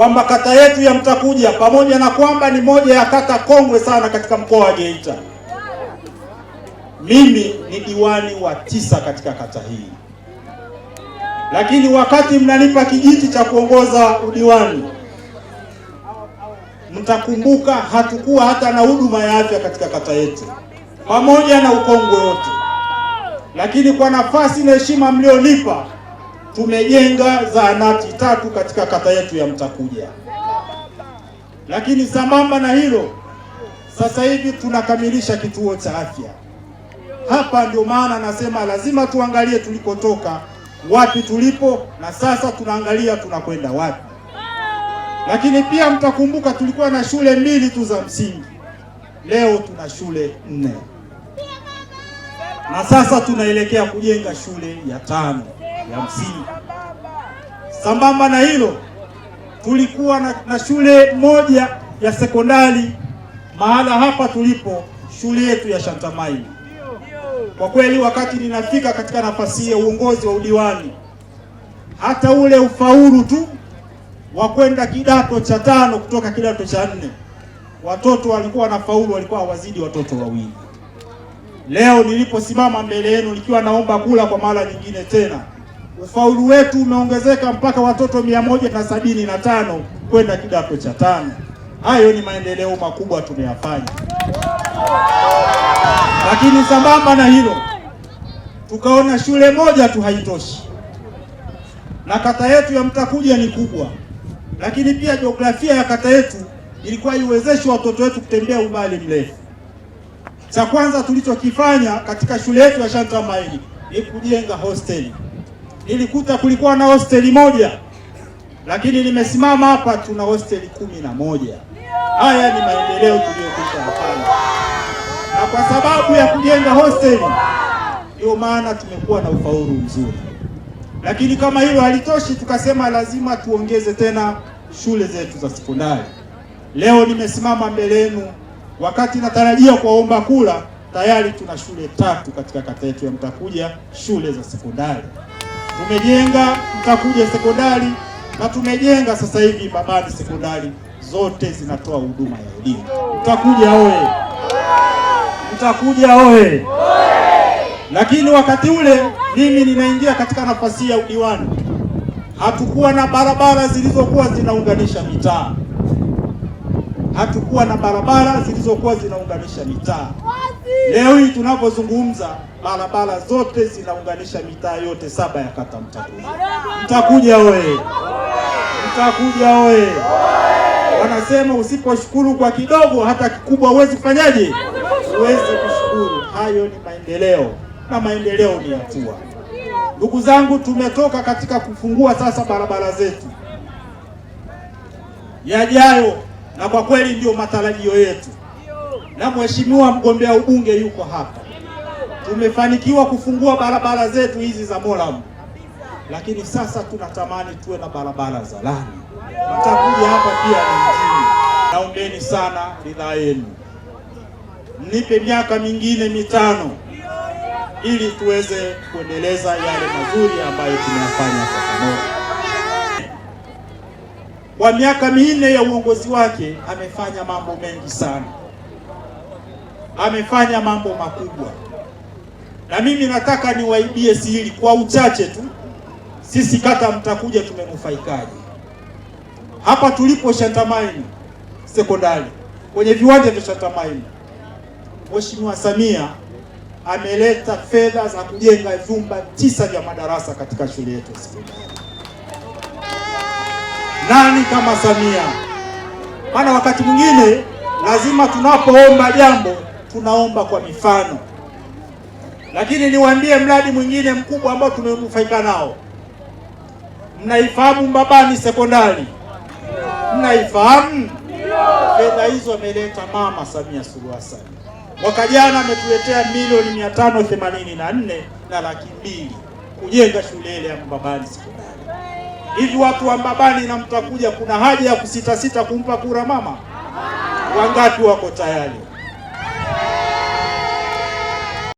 kwamba kata yetu ya Mtakuja pamoja na kwamba ni moja ya kata kongwe sana katika mkoa wa Geita, mimi ni diwani wa tisa katika kata hii, lakini wakati mnanipa kijiti cha kuongoza udiwani, mtakumbuka hatukuwa hata na huduma ya afya katika kata yetu, pamoja na ukongwe wote, lakini kwa nafasi na heshima mlionipa tumejenga zahanati tatu katika kata yetu ya Mtakuja, lakini sambamba na hilo sasa hivi tunakamilisha kituo cha afya hapa. Ndio maana nasema lazima tuangalie tulikotoka, wapi tulipo, na sasa tunaangalia tunakwenda wapi. Lakini pia mtakumbuka tulikuwa na shule mbili tu za msingi, leo tuna shule nne, na sasa tunaelekea kujenga shule ya tano ya msingi. Sambamba na hilo, tulikuwa na, na shule moja ya sekondari mahala hapa tulipo, shule yetu ya Shantamaini. Kwa kweli, wakati ninafika katika nafasi ya uongozi wa udiwani, hata ule ufaulu tu wa kwenda kidato cha tano kutoka kidato cha nne, watoto walikuwa na faulu walikuwa hawazidi watoto wawili. Leo niliposimama mbele yenu nikiwa naomba kula kwa mara nyingine tena ufaulu wetu umeongezeka mpaka watoto mia moja na sabini na tano kwenda kidato cha tano. Hayo ni maendeleo makubwa tumeyafanya, lakini sambamba na hilo tukaona shule moja tu haitoshi, na kata yetu ya Mtakuja ni kubwa, lakini pia jiografia ya kata yetu ilikuwa iwezeshi watoto wetu kutembea umbali mrefu. Cha kwanza tulichokifanya katika shule yetu ya Shantamaili ni kujenga hosteli nilikuta kulikuwa na hosteli moja, lakini nimesimama hapa tuna hosteli kumi na moja. Haya ni maendeleo tuliyokuta hapana, na kwa sababu ya kujenga hosteli ndio maana tumekuwa na ufaulu mzuri. Lakini kama hilo halitoshi, tukasema lazima tuongeze tena shule zetu za sekondari. Leo nimesimama mbele yenu wakati natarajia kuwaomba kula, tayari tuna shule tatu katika kata yetu ya Mtakuja, shule za sekondari tumejenga Mtakuja sekondari na tumejenga sasa hivi Babati sekondari, zote zinatoa huduma ya elimu. Mtakuja oye! Mtakuja oye! Lakini wakati ule mimi ninaingia katika nafasi ya udiwani, hatukuwa na barabara zilizokuwa zinaunganisha mitaa hatukuwa na barabara zilizokuwa zinaunganisha mitaa. Leo hii tunapozungumza, barabara zote zinaunganisha mitaa yote saba ya kata Mtakuja. Mtakuja oye! Mtakuja oye! Wanasema usiposhukuru kwa kidogo, hata kikubwa huwezi kufanyaje? Huwezi kushukuru. Hayo ni maendeleo, na maendeleo ni hatua. Ndugu zangu, tumetoka katika kufungua sasa barabara zetu yajayo na kwa kweli ndio matarajio yetu, na mheshimiwa mgombea ubunge yuko hapa. Tumefanikiwa kufungua barabara zetu hizi za Moram, lakini sasa tunatamani tuwe na barabara za lami. Mtakuja hapa pia ni mjini. Naombeni sana ridhaa yenu, mnipe miaka mingine mitano ili tuweze kuendeleza yale mazuri ambayo tumeyafanya kwa pamoja kwa miaka minne ya uongozi wake amefanya mambo mengi sana, amefanya mambo makubwa, na mimi nataka niwaibie siri kwa uchache tu. Sisi kata mtakuja tumenufaikaje? Hapa tulipo Shantamaini sekondari kwenye viwanja vya Shantamaini, Mheshimiwa Samia ameleta fedha za kujenga vyumba tisa vya madarasa katika shule yetu ya sekondari nani kama Samia? Maana wakati mwingine lazima tunapoomba jambo tunaomba kwa mifano, lakini niwaambie mradi mwingine mkubwa ambao tumenufaika nao. Mnaifahamu Mbabani Sekondari? Mnaifahamu? Fedha hizo ameleta Mama Samia Suluhu Hassan. Mwaka jana ametuletea milioni mia tano themanini na nne na laki mbili kujenga shule ile ya Mbabani Sekondari. Hivi watu wa Mbabani na Mtakuja, kuna haja ya kusitasita kumpa kura mama? Wangapi wako tayari?